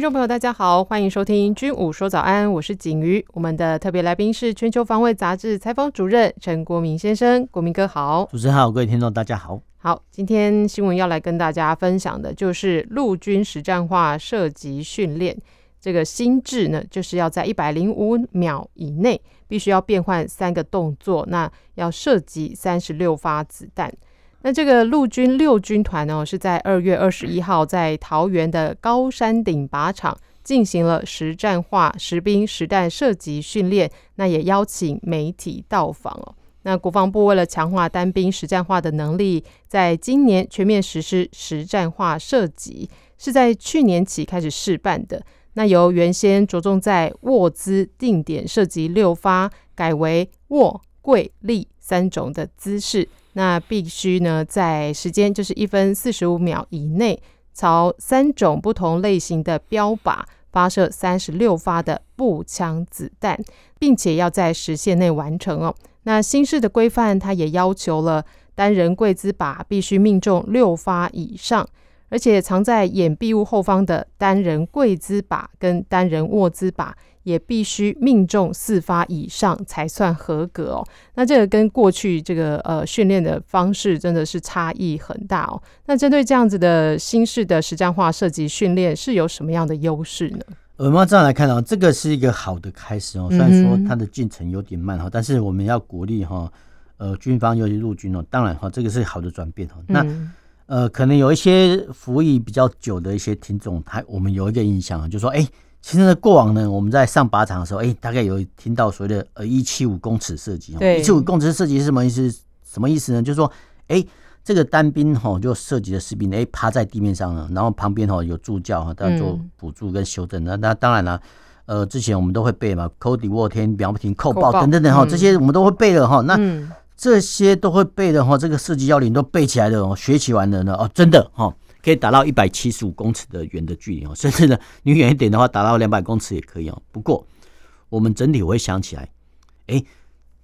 觀眾朋友，大家好，歡迎收聽《軍武說早安》，我是景瑜。我們的特別來賓是《全球防衛》雜誌採訪主任陳國銘先生，國銘哥好。主持人好，各位聽眾大家好。好，今天新聞要來跟大家分享的就是陸軍實戰化射擊訓練。這個新制呢，就是要在一百零五秒以內，必須要變換三個動作，那要射擊三十六發子彈。那這個陸軍六軍團哦，是在二月二十一號在桃園的高山頂靶場進行了實戰化實兵實彈射擊訓練，那也邀請媒體到訪哦。那國防部為了強化單兵實戰化的能力，在今年全面實施實戰化射擊，是在去年起開始試辦的。那由原先着重在臥姿定點射擊六發，改為臥、跪、立三種的姿勢。那必須呢，在時間就是一分四十五秒以內，朝三種不同類型的標靶發射三十六發的步槍子彈，並且要在時限內完成哦。那新式的規範，它也要求了單人跪姿靶必須命中六發以上，而且藏在掩蔽物後方的單人跪姿靶跟單人臥姿靶，也必須命中四發以上才算合格哦。那這個跟過去這個呃訓練的方式真的是差異很大哦。那針對這樣子的新式的實戰化射擊訓練是有什麼樣的優勢呢？我們要這樣來看哦、啊，這個是一個好的開始哦、啊。雖然說它的進程有點慢哈、啊，但是我們要鼓勵哈、啊。呃，軍方尤其陸軍哦、啊，當然哈、啊，這個是好的轉變哦。那、啊嗯啊、呃，可能有一些服役比較久的一些聽眾，他我們有一個印象啊，就說哎。欸其實呢，過往呢，我們在上靶場的時候，欸、大概有聽到所謂的呃一七五公尺射擊，對，一七五公尺射擊是什麼意思？什麼意思呢？就是說，哎、欸，這個單兵吼就射擊的士兵哎、欸，趴在地面上了，然後旁邊哈有助教哈，在做輔助跟修正。那、嗯、那當然了，呃，之前我們都會背嘛，扣底臥天，瞄不停扣爆等等等哈，這些我們都會背的哈。嗯、那這些都會背的哈，這個射擊要領都背起來的哦，學習完了呢哦，真的哈。可以打到一百七十五公尺的遠的距離哦，甚至呢，你遠一點的話，打到兩百公尺也可以哦。不過，我們整體我會想起來，哎、欸，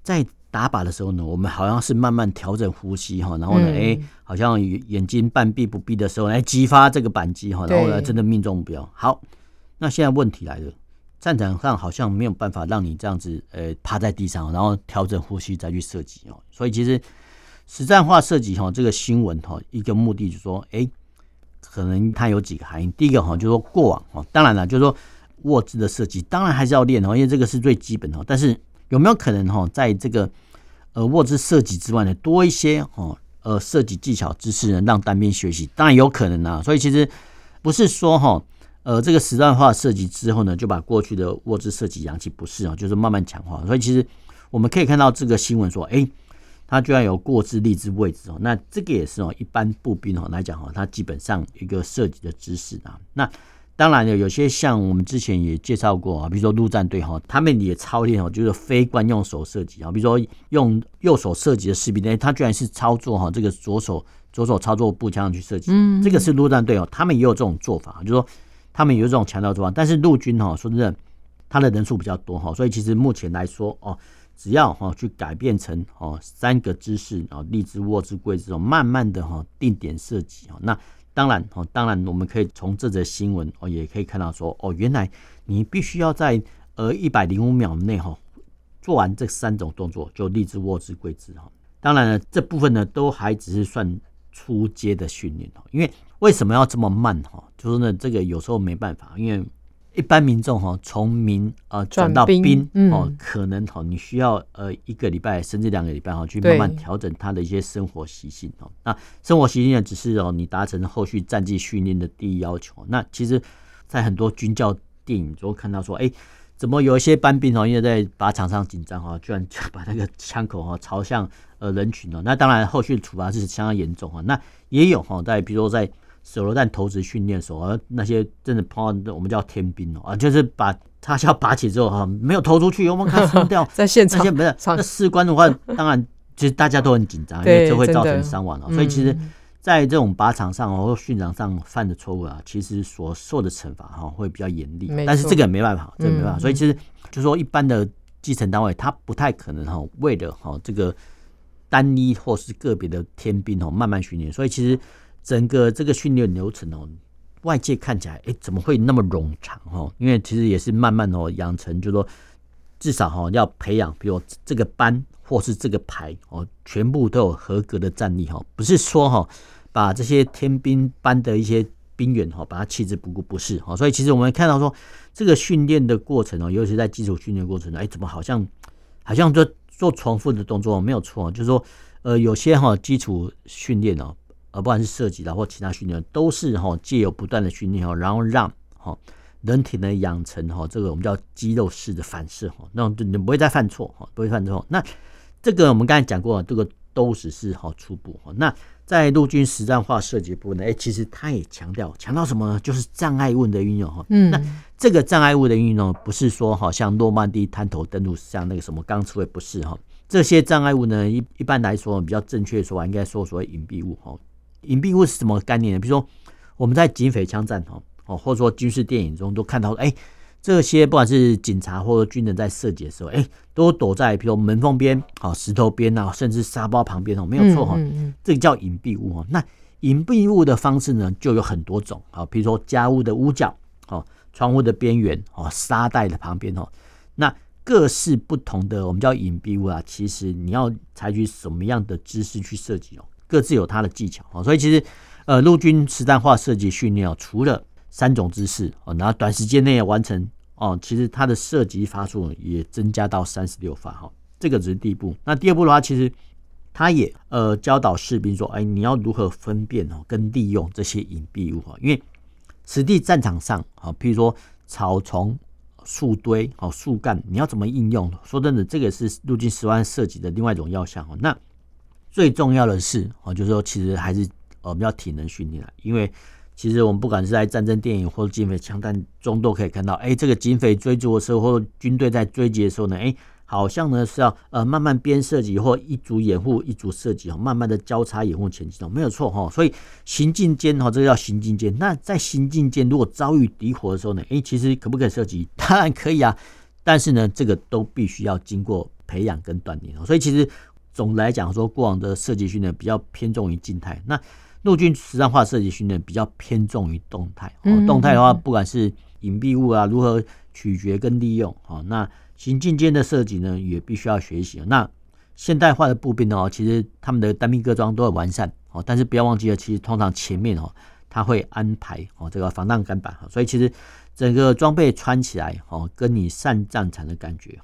在打靶的時候呢，我們好像是慢慢調整呼吸哈，然後呢，哎、欸，好像眼睛半閉不閉的時候來、欸、激發這個扳機哈，然後來真的命中目標。對好，那現在問題來了，戰場上好像沒有辦法讓你這樣子，呃、欸，趴在地上，然後調整呼吸再去射擊哦。所以其實實戰化射擊哈，這個新聞哈，一個目的就是說，哎、欸。可能它有幾個含義。第一個哈，就是說過往哈，當然了，就是說臥姿的射擊，當然還是要練哦，因為這個是最基本的。但是有沒有可能哈，在這個呃臥姿射擊之外呢，多一些哦，呃射擊技巧知識，呢，讓單邊學習，當然有可能啊。所以其實不是說哈，呃這個實戰化射擊之後呢，就把過去的臥姿射擊揚棄，不是啊，就是慢慢強化。所以其實我們可以看到這個新聞說，哎、欸。他居然有過之，力之位置哦。那這個也是哦，一般步兵哦來講哦，他基本上一個射擊的知識。那當然呢，有些像我們之前也介紹過啊，比如說陸戰隊哈，他們也操練哦，就是非慣用手射擊啊。比如說用右手射擊的士兵呢，他居然是操作哈這個左手，左手操作步槍去射擊。嗯，這個是陸戰隊哦，他們也有這種做法，就是說他們也有這種強調做法。但是陸軍哈，說真的，他的人數比較多哈，所以其實目前來說哦。只要哈去改變成哦三個姿勢，然後立姿、握姿、跪姿哦，慢慢的哈定點射擊啊。那當然哦，當然我們可以從這則新聞哦，也可以看到說哦，原來你必須要在呃一百零五秒內哈做完這三種動作，就立姿、握姿、跪姿哈。當然了，這部分呢都還只是算初階的訓練哦，因為為什麼要這麼慢哈？就是呢，這個有時候沒辦法，因為。一般民眾哈，從民啊轉到兵哦，可能哈你需要呃一個禮拜甚至兩個禮拜哈，去慢慢調整他的一些生活習性哦。那生活習性只是哦，你達成後續戰技訓練的第一要求。那其實，在很多軍教電影中看到說、欸，怎麼有一些班兵因為在靶場上緊張哈，居然把那個槍口哈朝向呃人群。那當然後續的處罰是相當嚴重。那也有哈，在比如說在。手榴彈投擲訓練的時候那些真的碰到的我們叫天兵哦啊，就是把插銷拔起之後哈，沒有投出去，我們看掉 在現場。那些不是那士官的話， 當然其實大家都很緊張，對因為就會造成傷亡了。的所以其實，在這種靶場上或訓場上犯的錯誤啊，嗯、其實所受的懲罰哈會比較嚴厲，沒錯但是這個也沒辦法，這個沒辦法。嗯、所以其實就說一般的基層單位，他不太可能哈為了哈這個單一或是個別的天兵哈，慢慢訓練，所以其實。整個這個訓練流程哦，外界看起來哎怎麼會那麼冗長哦？因為其實也是慢慢哦養成就是說，至少哈、哦、要培養，比如這個班或是這個排哦，全部都有合格的戰力哈。不是說哈、哦、把這些天兵班的一些兵員哈、哦，把他棄之不顧不是哈、哦。所以其實我們看到說這個訓練的過程哦，尤其在基礎訓練的過程哎怎麼好像好像做做重複的動作沒有錯，就是說呃有些哈、哦、基礎訓練哦。而不然是設計的或其他訓練，都是哈借由不斷的訓練哈，然後讓哈人體呢養成哈這個我們叫肌肉式的反射，那你不會再犯錯哈，不會犯錯。那這個我們剛才講過，這個都是是哈初步哈。那在陸軍實戰化設計部呢，哎，其實他也強調強調什麼呢？就是障礙物的運用哈。嗯。那這個障礙物的運用不是說好像諾曼底探頭登陸像那個什麼剛刺圍，不是哈？這些障礙物呢，一一般來說比較正確的說法，應該說所謂隱蔽物哈。隱蔽物是什麼概念呢？比如說，我們在警匪槍戰哦，哦，或者說軍事電影中都看到，哎、欸，這些不管是警察或者軍人在射擊的時候，哎、欸，都躲在比如說門縫邊、哦石頭邊甚至沙包旁邊哦，沒有錯哈，這個叫隱蔽物哈。嗯嗯，那隱蔽物的方式呢，就有很多種啊。比如說，家屋的屋角、哦窗戶的邊緣、哦沙袋的旁邊哦，那各式不同的我們叫隱蔽物啊。其實你要採取什麼樣的姿勢去射擊哦？各自有它的技巧啊，所以其實，呃，陸軍實戰化射擊訓練啊，除了三種姿勢啊，然後短時間內完成哦，其實它的射擊發數也增加到三十六發哈，這個只是第一步。那第二步的話，其實他也呃教導士兵說，哎、欸，你要如何分辨哦，跟利用這些隱蔽物啊，因為此地戰場上啊，譬如說草叢、樹堆、哦樹幹，你要怎麼應用？說真的，這個是陸軍實戰射擊的另外一種要項哦，那。最重要的是，哦，就是說，其實還是我們要體能訓練啊。因為其實我們不管是在戰爭電影或者警匪槍戰中，都可以看到，哎、欸，這個警匪追逐的時候，或者軍隊在追擊的時候呢，哎、欸，好像呢是要呃慢慢邊射擊，或一組掩護，一組射擊，慢慢的交叉掩護前進的、喔，沒有錯哈、喔。所以行進間哈，這個叫行進間。那在行進間如果遭遇敵火的時候呢，哎、欸，其實可不可以射擊？當然可以啊，但是呢，這個都必須要經過培養跟鍛鍊、喔、所以其實。總的來講說，過往的射擊訓練比較偏重於靜態。那陸軍實戰化射擊訓練比較偏重於動態。哦，動態的話，不管是隱蔽物啊，如何取決跟利用。哦，那行進間的射擊呢，也必須要學習。那現代化的步兵哦，其實他們的單兵個裝都很完善。哦，但是不要忘記了，其實通常前面哦，他會安排哦這個防彈鋼板哦，所以其實整個裝備穿起來哦，跟你上戰場的感覺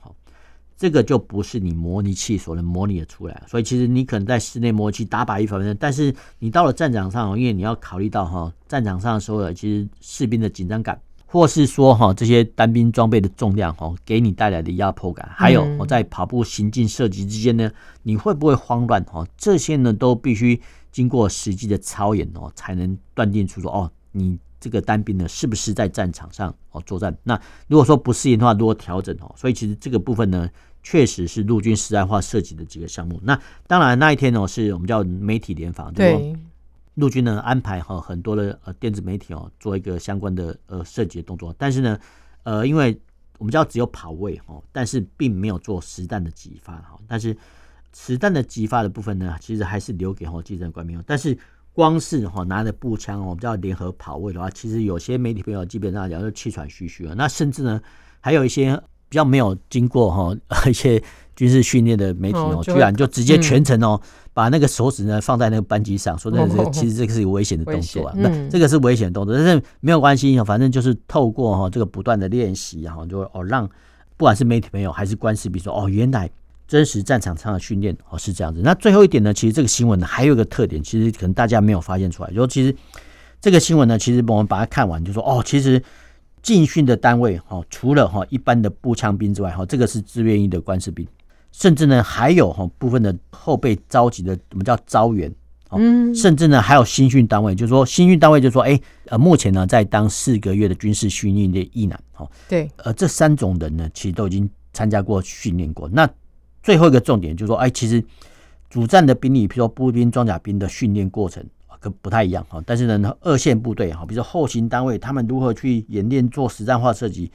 這個就不是你模擬器所能模擬的出來，所以其實你可能在室內模擬器打靶一方面，但是你到了戰場上，因為你要考慮到哈，戰場上的所有其實士兵的緊張感，或是說哈這些單兵裝備的重量哈給你帶來的壓迫感，還有我在跑步、行進、射擊之間呢，你會不會慌亂哈？這些呢都必須經過實際的操演哦，才能斷定出說哦，你這個單兵呢是不是在戰場上哦作戰？那如果說不適應的話，如何調整哦。所以其實這個部分呢。確實是陸軍實戰化射擊的幾個項目。那當然那一天呢，是我們叫媒體聯防，陸對軍呢安排哈很多的呃電子媒體哦做一個相關的呃射擊的動作。但是呢，呃，因為我們知道只有跑位哈，但是並沒有做實彈的擊發哈。但是實彈的擊發的部分呢，其實還是留給哦記者官兵。但是光是哈拿着步槍，我們叫聯合跑位的話，其實有些媒體朋友基本上聊就氣喘吁吁了。那甚至呢，還有一些。比較沒有經過哈一些軍事訓練的媒體哦，居然就直接全程哦，把那個手指呢放在那個扳機上，嗯、說那個其實這個是有危險的動作。那、哦嗯、這個是危險動作，但是沒有關係，反正就是透過哈這個不斷的練習，然後就哦讓不管是媒體朋友還是關係比如說哦，原來真實戰場上的訓練哦是這樣子。那最後一點呢，其實這個新聞呢還有一個特點，其實可能大家沒有發現出來。就其實這個新聞呢，其實我們把它看完，就說哦，其實。進訓的單位，哈，除了哈一般的步槍兵之外，哈，這個是志願役的官士兵，甚至呢還有哈部分的後備召集的，我們叫召員，嗯，甚至呢還有新訓單位，就是說新訓單位就是說，哎、欸，呃，目前呢在當四個月的軍事訓練的役男，哈，對，而這三種人呢其實都已經參加過訓練過。那最後一個重點就是說，哎、欸，其實主戰的兵力，比如說步兵、裝甲兵的訓練過程。跟不太一樣哈，但是呢，二線部隊哈，比如說後勤單位，他們如何去演練做實戰化設計，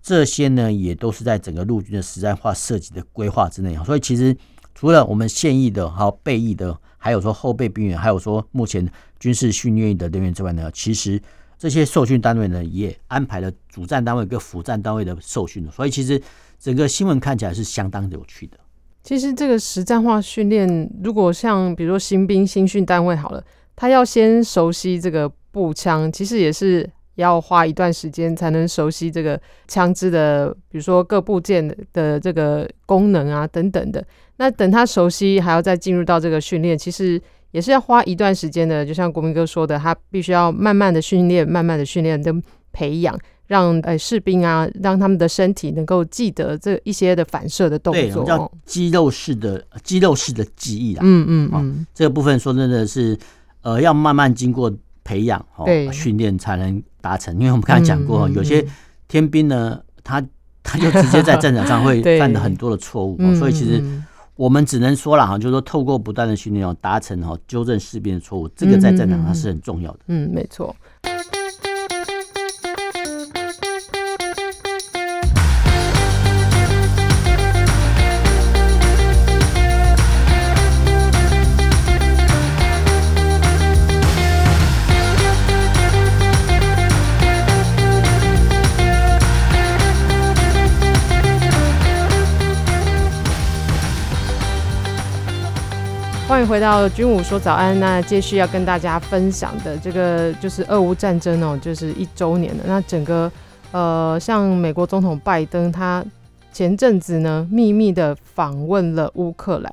這些呢，也都是在整個陸軍的實戰化設計的規劃之內。所以，其實除了我們現役的、還有備役的，還有說後備兵員，還有說目前軍事訓練的人員之外呢，其實這些受訓單位呢，也安排了主戰單位跟輔戰單位的受訓。所以，其實整個新聞看起來是相當有趣的。其實這個實戰化訓練，如果像比如說新兵新訓單位好了。他要先熟悉這個步槍，其實也是要花一段時間才能熟悉這個槍支的，比如說各部件的這個功能啊等等的。那等他熟悉，還要再進入到這個訓練，其實也是要花一段時間的。就像國銘哥說的，他必須要慢慢的訓練，慢慢的訓練跟培養，讓呃士兵啊，讓他們的身體能夠記得這一些的反射的動作，對，叫肌肉式的肌肉式的記憶啊、嗯，嗯嗯嗯、哦，這個部分說真的是。呃，要慢慢經過培養、訓練才能達成。對因為我們剛才講過，嗯嗯嗯有些天兵呢，他他就直接在戰場上會犯很多的錯誤， 對所以其實我們只能說了哈，就是說透過不斷的訓練，達成哦，糾正士兵的錯誤，這個在戰場上是很重要的。嗯，嗯，嗯，沒錯。歡迎回到軍武說早安。那繼續要跟大家分享的這個就是俄烏戰爭哦，就是一周年了。那整個呃，像美國總統拜登，他前陣子呢秘密的訪問了烏克蘭。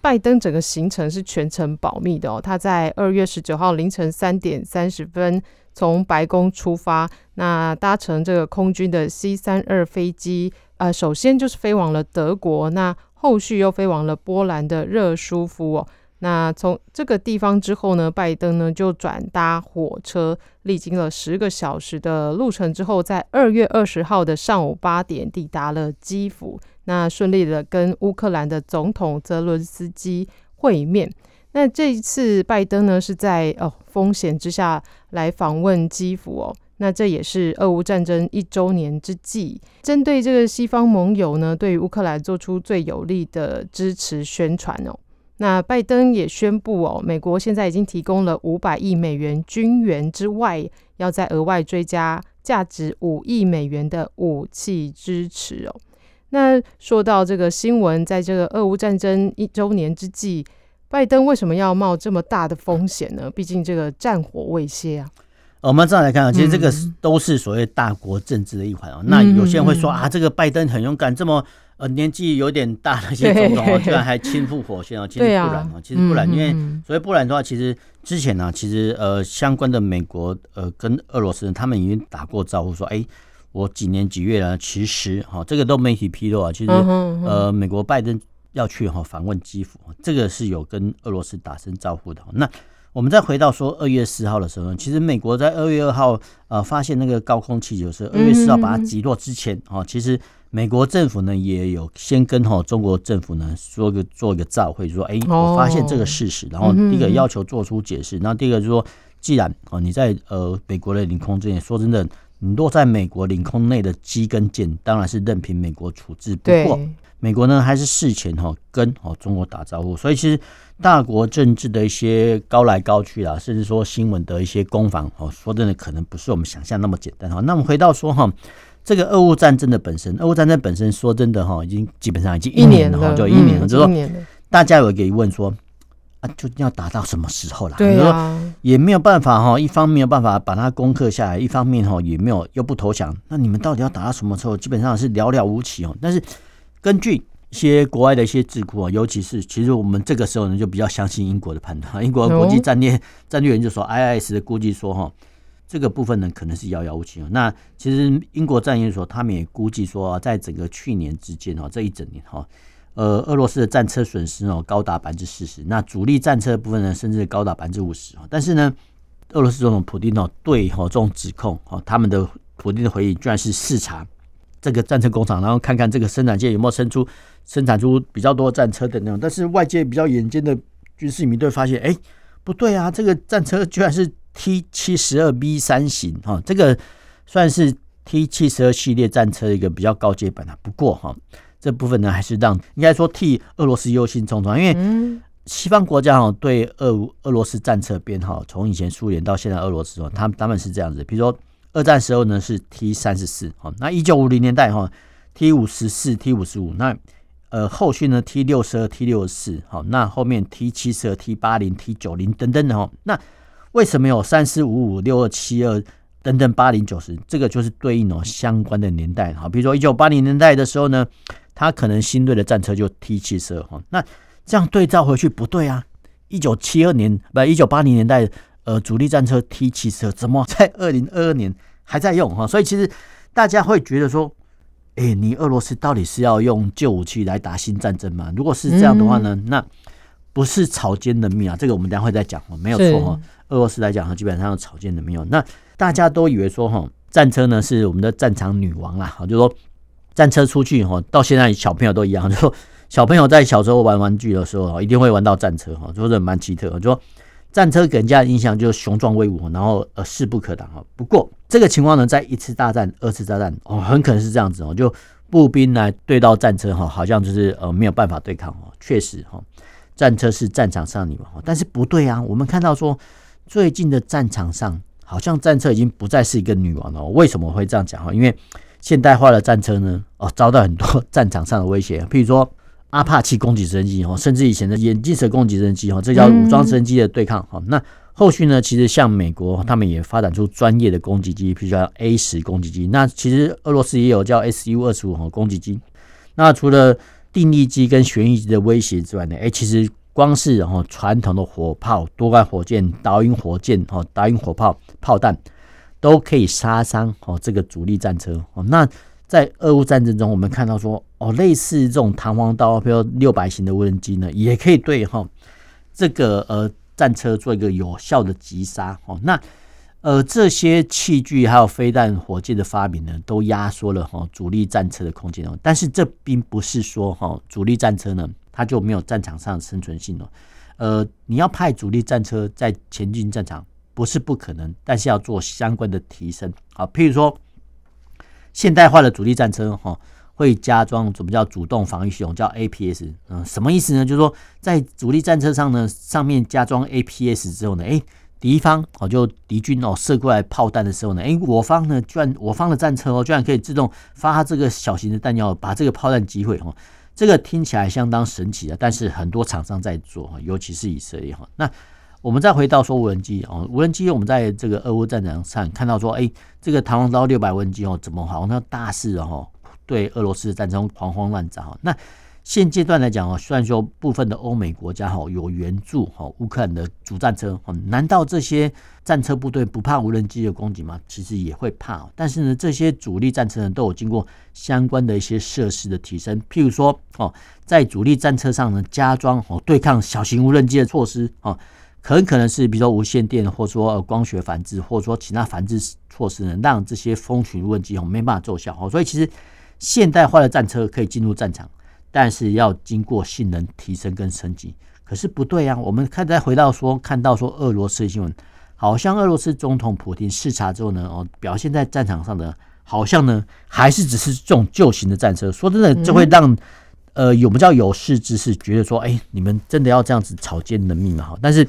拜登整個行程是全程保密的哦。他在二月十九號凌晨三點三十分從白宮出發，那搭乘這個空軍的 C 三二飛機，呃，首先就是飛往了德國。那後續又飛往了波蘭的熱舒夫哦，那從這個地方之後呢，拜登呢就轉搭火車，歷經了十個小時的路程之後，在二月二十號的上午八點抵達了基輔，那順利的跟烏克蘭的總統澤倫斯基會面。那這一次拜登呢是在哦風險之下來訪問基輔哦。那這也是俄烏戰爭一周年之際，針對這個西方盟友呢，對於烏克蘭做出最有力的支持宣傳哦。那拜登也宣布哦，美國現在已經提供了五百億美元軍援之外，要再額外追加價值五億美元的武器支持哦。那說到這個新聞，在這個俄烏戰爭一周年之際，拜登為什麼要冒這麼大的風險呢？畢竟這個戰火未歇啊。我們再來看啊，其實這個都是所謂大國政治的一環啊。嗯、那有些人會說、嗯嗯、啊，這個拜登很勇敢，這麼呃年紀有點大那些總統啊居然還親赴火線啊，對啊，其實不然啊，其實不然，因為所以不然的話，其實之前呢、啊，其實呃相關的美國呃跟俄羅斯，人，他們已經打過招呼說，哎，我幾年幾月呢？其實哈，這個都媒體披露啊，其實、哦嗯嗯、其實呃美國拜登要去哈訪問基輔，這個是有跟俄羅斯打聲招呼的。那我們再回到說二月四號的時候，其實美國在二月二號呃發現那個高空氣球是二月四號把它擊落之前啊，嗯、其實美國政府呢也有先跟哈中國政府呢做個做一個照會，就是、說哎、欸，我發現這個事實，哦、然後第一個要求做出解釋，那、嗯、哼第二個就是說，既然啊你在呃美國的領空之內，說真的，你落在美國領空內的機跟艦當然是任憑美國處置，不過。美國呢還是事前哈跟哦中國打招呼，所以其實大國政治的一些高來高去啊，甚至說新聞的一些攻防哦，說真的可能不是我們想象那麼簡單哈。那我們回到說哈，這個俄烏戰爭的本身，俄烏戰爭本身說真的哈，已經基本上已經一年了，就一年了之後，大家有一個疑問說啊，就要打到什麼時候了？對也沒有辦法哈，一方沒有辦法把它攻克下來，一方面哈也沒有又不投降，那你們到底要打到什麼時候？基本上是寥寥無幾哦，但是。根據一些國外的一些智庫啊，尤其是其實我們這個時候呢，就比較相信英國的判斷。英國國際戰略戰略研究所就說，IIS 估計說哈，這個部分呢可能是遙遙無期。那其實英國戰研所他們也估計說，在整個去年之間哈，這一整年哈，呃，俄羅斯的戰車損失呢高達百分之四十，那主力戰車的部分呢甚至高達百分之五十。但是呢，俄羅斯總統普丁呢對哈這種指控啊，他們的普丁的回應居然是視察。這個戰車工廠，然後看看這個生產線有沒有生出生產出比較多戰車的那種。但是外界比較眼尖的軍事迷，都會發現，哎，不對啊，這個戰車居然是 T 七十二 B 三型哈、哦，這個算是 T 七十二系列戰車一個比較高階版啊。不過哈、哦，這部分呢還是讓應該說替俄羅斯憂心忡忡，因為西方國家哈對俄俄羅斯戰車編號，從以前蘇聯到現在俄羅斯哦，他們他們是這樣子，比如說。二戰時候呢是 T 三十四，好，那一九五零年代哈 T 五十四、T 五十五，那呃後續呢 T 六十二、T 六十四，好，那後面 T 七十二、T 八零、T 九零等等的哈。那為什麼有三四五五六二七二等等八零九十？這個就是對應哦相關的年代好，比如說一九八零年代的時候呢，它可能新銳的戰車就 T 七十二哈。那這樣對照回去不對啊，一九七二年不一九八零年代。呃，主力戰車 T 汽車怎麼在二零二二年還在用哈？所以其實大家會覺得說，哎、欸，你俄羅斯到底是要用舊武器來打新戰爭嗎？如果是這樣的話呢，嗯、那不是草菅人命啊！這個我們待會再講。沒有錯是，俄羅斯來講基本上是草菅人命。那大家都以為說哈，戰車呢是我們的戰場女王啦，就是、說戰車出去以後，到現在小朋友都一樣，就是、說小朋友在小時候玩玩具的時候一定會玩到戰車哈，就是蠻奇特，就是、說。戰車給人家的印象就是雄壯威武，然後呃勢不可擋啊。不過這個情況呢，在一次大戰、二次大戰哦，很可能是這樣子哦，就步兵來對到戰車哈，好像就是呃沒有辦法對抗哦。確實哈，戰車是戰場上的女王，但是不對啊。我們看到說最近的戰場上，好像戰車已經不再是一個女王了。為什麼會這樣講啊？因為現代化的戰車呢，哦遭到很多戰場上的威脅，譬如說。阿帕奇攻擊直升機哦，甚至以前的眼鏡蛇攻擊直升機哦，這叫武裝直升機的對抗哦。嗯、那後續呢？其實像美國，他們也發展出專業的攻擊機，譬如說 A 十攻擊機。那其實俄羅斯也有叫 SU 二十五號攻擊機。那除了定翼機跟旋翼機的威脅之外呢？誒、欸，其實光是然傳統的火炮、多管火箭、導引火箭、哈導引火炮、炮彈都可以殺傷哦這個主力戰車哦。那在俄烏戰爭中，我們看到說。哦，類似這種彈簧刀，比如說六百型的無人機呢，也可以對哈這個呃戰車做一個有效的擊殺哦。那呃這些器具還有飛彈、火箭的發明呢，都壓縮了哈、哦、主力戰車的空間哦。但是這並不是說哈、哦、主力戰車呢它，就沒有戰場上的生存性了、哦。呃，你要派主力戰車在前進戰場不是不可能，但是要做相關的提升啊、哦。譬如說現代化的主力戰車哈。哦會加裝什麼叫主動防禦系統？叫 APS，嗯，什麼意思呢？就是說在主力戰車上呢，上面加裝 APS 之後呢，哎，敵方哦就敵軍哦射過來炮彈的時候呢，哎，我方呢居然我方的戰車哦居然可以自動發這個小型的彈藥，把這個炮彈擊毀。哈、哦，這個聽起來相當神奇啊！但是很多廠商在做哈，尤其是以色列哈、哦。那我們再回到說無人機哦，無人機我們在這個俄烏戰場上看到說，哎，這個彈簧刀六百無人機哦，怎麼好像大事哦？對俄羅斯的戰爭狂轟濫炸哈，那現階段來講哦，雖然說部分的歐美國家哈有援助哈烏克蘭的主戰車哈，難道這些戰車部隊不怕無人機的攻擊嗎？其實也會怕，但是呢，這些主力戰車呢都有經過相關的一些設施的提升，譬如說哦，在主力戰車上呢加裝哦對抗小型無人機的措施哦，很可能是比如說無線電，或者說光學反制，或者說其他反制措施，能讓這些蜂群無人機沒辦法奏效哦，所以其實。現代化的戰車可以進入戰場，但是要經過性能提升跟升級。可是不對啊，我們看再回到說，看到說俄羅斯新聞，好像俄羅斯總統普丁視察之後呢，哦，表現在戰場上的好像呢，還是只是這種舊型的戰車。說真的，就會讓呃，我們叫有識之士覺得說，哎、欸，你們真的要這樣子草菅人命啊！但是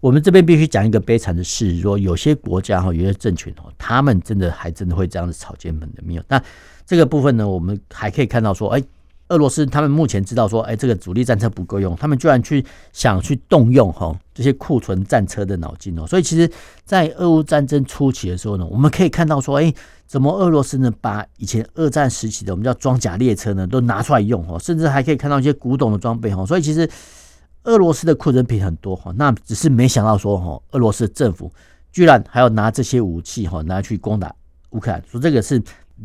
我們這邊必須講一個悲慘的事，說有些國家哈，有些政權他們真的還真的會這樣子草菅人命、啊。這個部分呢，我們還可以看到說，哎，俄羅斯他們目前知道說，哎，這個主力戰車不夠用，他們居然去想去動用哈、哦、這些庫存戰車的腦筋哦。所以其實，在俄烏戰爭初期的時候呢，我們可以看到說，哎，怎麼俄羅斯呢把以前二戰時期的我們叫裝甲列車呢都拿出來用哈、哦，甚至還可以看到一些古董的裝備哈、哦。所以其實俄羅斯的庫存品很多哈、哦，那只是沒想到說哈、哦，俄羅斯政府居然還要拿這些武器哈、哦，拿去攻打烏克蘭，說這個是。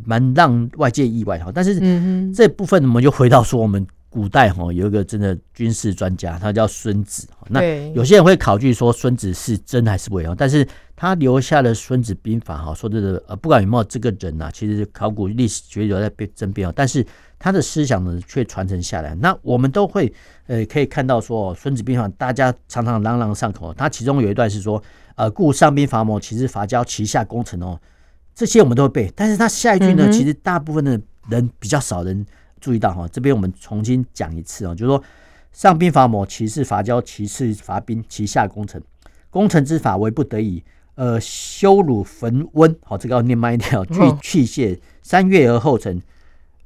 蠻讓外界意外哈，但是這部分我們就回到說，我們古代哈有一個真的軍事專家，他叫孫子。那有些人會考據說孫子是真還是偽哦，但是他留下了《孫子兵法》哈，說這個呃，不管有沒有這個人吶，啊，其實考古歷史學留在真邊哦。但是他的思想呢，卻傳承下來。那我們都會呃可以看到說，《孫子兵法》大家常常朗朗上口。他其中有一段是說，呃，故上兵伐謀，其實伐交，其下攻城。哦。這些我們都會背，但是他下一句呢，嗯、哼其實大部分的人比較少人注意到哈。這邊我們重新講一次就就是、說上兵伐謀，其次伐交，其次伐兵，其下攻城。攻城之法為不得已，呃，修辱焚溫。好，這個要念慢一點。具器械三月而後成，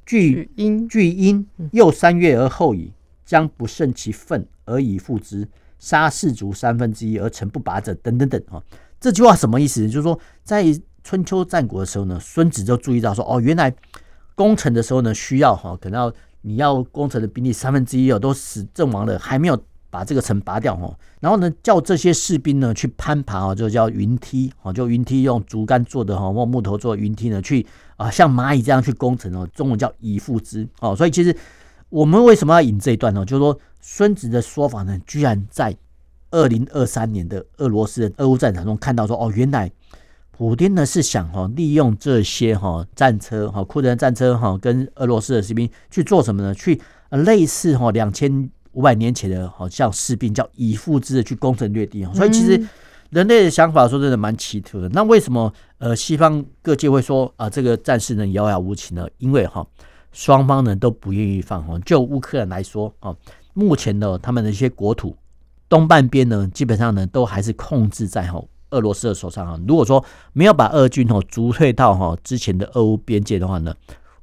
聚陰聚陰又三月而後已，將不勝其憤而以復之，殺士卒三分之一而城不拔者，等等等、哦、這句話什麼意思呢？就是說在。春秋戰國的時候呢，孫子就注意到說哦，原來攻城的時候呢，需要哈，可能要你要攻城的兵力三分之一哦，都死陣亡了，還沒有把這個城拔掉哦。然後呢，叫這些士兵呢去攀爬哦，就叫雲梯哦，就雲梯用竹竿做的哈，或木頭做雲梯呢去啊，像螞蟻這樣去攻城哦。中文叫蟻附之哦。所以其實我們為什麼要引這一段呢？就是說孫子的說法呢，居然在二零二三年的俄羅斯的俄烏戰場中看到說哦，原來。普丁呢是想哈利用這些哈戰車哈庫德戰車哈跟俄羅斯的士兵去做什麼呢？去類似哈兩千五百年前的好像士兵叫蟻附之，去攻城略地。所以其實人類的想法說真的蠻奇特的。嗯、那為什麼呃西方各界會說啊這個戰事呢遙遙無期呢？因為哈雙方呢都不願意放哈。就烏克蘭來說啊，目前呢他們的一些國土東半邊呢基本上呢都還是控制在哈。俄羅斯的手上啊，如果說沒有把俄軍哦逐退到哈之前的俄烏邊界的話呢，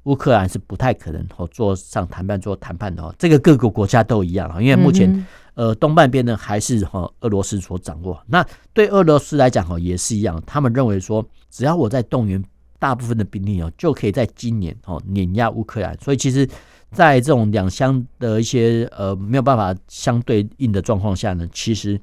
烏克蘭是不太可能坐上談判桌談判的哦。這個各個國家都一樣啊，因為目前呃東半邊呢還是哈俄羅斯所掌握。嗯嗯，那對俄羅斯來講也是一樣，他們認為說只要我在動員大部分的兵力哦，就可以在今年碾壓烏克蘭。所以其實，在這種兩相的一些呃沒有辦法相對應的狀況下呢，其實。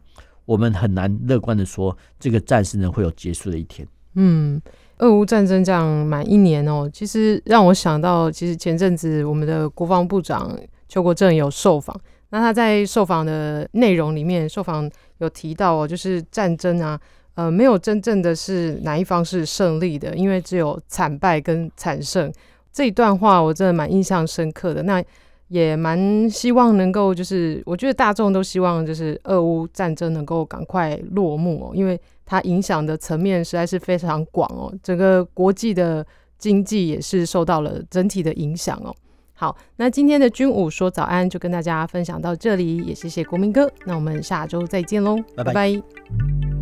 我們很難樂觀的說，這個戰爭呢會有結束的一天。嗯，俄烏戰爭這樣滿一年哦，其實讓我想到，其實前陣子我們的國防部長邱國正有受訪，那他在受訪的內容裡面，受訪有提到哦，就是戰爭啊，呃，沒有真正的是哪一方是勝利的，因為只有慘敗跟慘勝。這一段話我真的蠻印象深刻的。那。也蠻希望能夠，就是我覺得大眾都希望，就是俄烏戰爭能夠趕快落幕哦，因為它影響的層面實在是非常廣哦，整個國際的經濟也是受到了整體的影響哦。好，那今天的軍武說早安就跟大家分享到這裡，也謝謝國銘哥，那我們下周再見嘍，拜拜。拜拜。